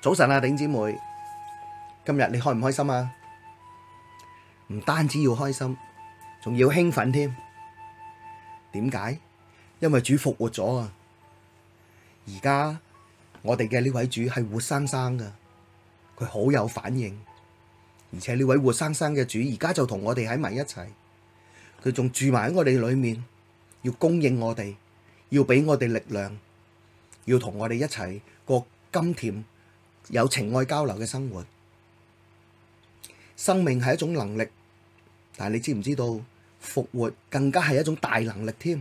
早晨啊，頂姊妹，今日你開唔開心啊？唔單止要開心，仲要興奮添。點解？因為主復活咗啊！而家我哋嘅呢位主係活生生噶，佢好有反應，而且呢位活生生嘅主而家就同我哋喺埋一齊，佢仲住埋喺我哋裏面，要供應我哋，要畀我哋力量，要同我哋一齊過、那個、甘甜。有情愛交流嘅生活，生命係一種能力，但係你知唔知道復活更加係一種大能力添？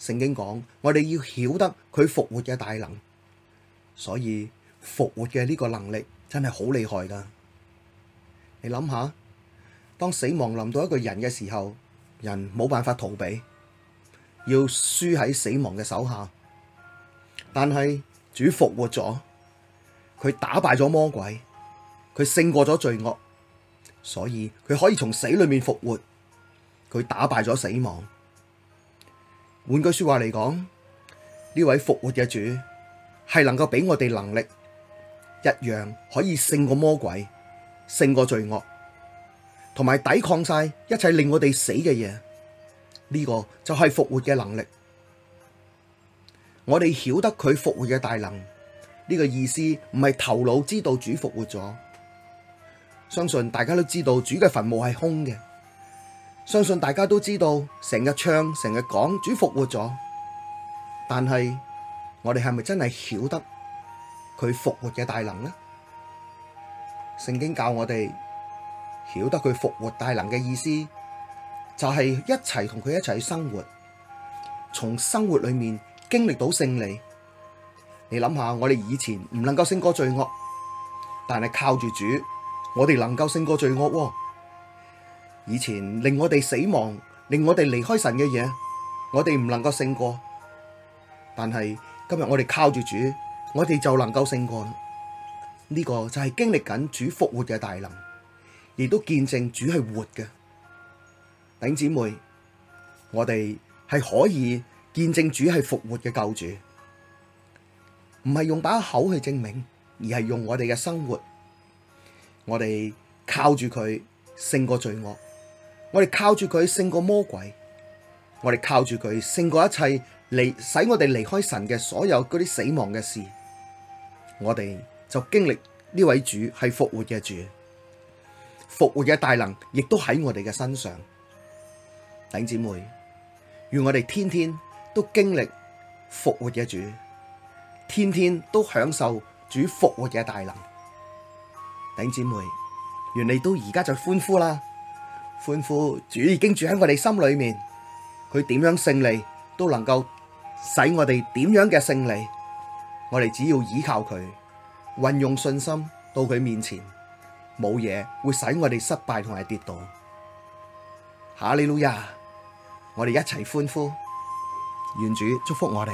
聖經講，我哋要曉得佢復活嘅大能，所以復活嘅呢個能力真係好厲害噶。你諗下，當死亡臨到一個人嘅時候，人冇辦法逃避，要輸喺死亡嘅手下，但係主復活咗。佢打敗咗魔鬼，佢勝過咗罪惡，所以佢可以從死裏面復活。佢打敗咗死亡。換句說話嚟講，呢位復活嘅主係能夠俾我哋能力，一樣可以勝過魔鬼、勝過罪惡，同埋抵抗晒一切令我哋死嘅嘢。呢個就係復活嘅能力。我哋曉得佢復活嘅大能。呢個意思唔係頭腦知道主復活咗，相信大家都知道主嘅墳墓係空嘅，相信大家都知道成日唱、成日講主復活咗，但係我哋係咪真係曉得佢復活嘅大能呢？聖經教我哋曉得佢復活大能嘅意思，就係一齊同佢一齊生活，從生活裏面經歷到勝利。你諗下，我哋以前唔能夠勝過罪惡，但係靠住主，我哋能夠勝過罪惡。以前令我哋死亡、令我哋離開神嘅嘢，我哋唔能夠勝過，但係今日我哋靠住主，我哋就能夠勝過。呢個就係經歷緊主復活嘅大能，亦都見證主係活嘅。頂姊妹，我哋係可以見證主係復活嘅救主。唔係用把口去證明，而係用我哋嘅生活，我哋靠住佢勝過罪惡，我哋靠住佢勝過魔鬼，我哋靠住佢勝過一切，嚟使我哋離開神嘅所有嗰啲死亡嘅事，我哋就經歷呢位主係復活嘅主，復活嘅大能亦都喺我哋嘅身上。弟兄姊妹，願我哋天天都經歷復活嘅主。天天都享受主復活嘅大能，頂姊妹，原來都而家就歡呼啦！歡呼主已經住喺我哋心裏面，佢點樣勝利都能夠使我哋點樣嘅勝利，我哋只要倚靠佢，運用信心到佢面前，冇嘢會使我哋失敗同埋跌倒。哈利路亞！我哋一齊歡呼，願主祝福我哋。